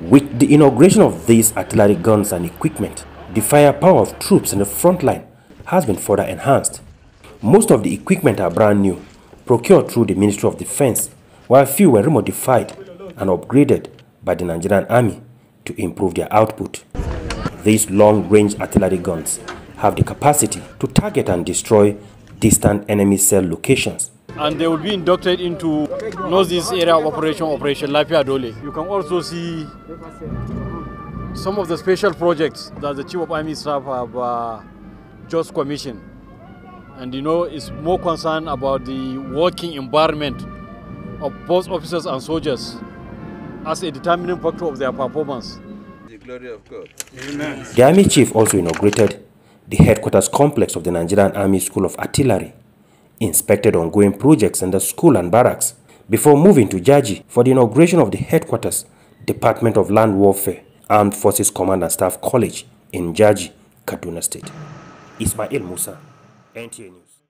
With the inauguration of these artillery guns and equipment, the firepower of troops in the front line has been further enhanced. Most of the equipment are brand new, procured through the Ministry of Defense, while few were remodified and upgraded by the Nigerian Army to improve their output. These long-range artillery guns have the capacity to target and destroy distant enemy cell locations. And they will be inducted into Northeast Area of Operation, Operation Lafia Dole. You can also see some of the special projects that the Chief of Army Staff have uh, just commissioned. And you know, it's more concerned about the working environment of both officers and soldiers as a determining factor of their performance. The glory of God. Amen. The Army Chief also inaugurated the headquarters complex of the Nigerian Army School of Artillery, inspected ongoing projects in the school and barracks before moving to Jaji for the inauguration of the headquarters, Department of Land Warfare, Armed Forces Command and Staff College in Jaji, Kaduna State. Ismail Musa, NTA News.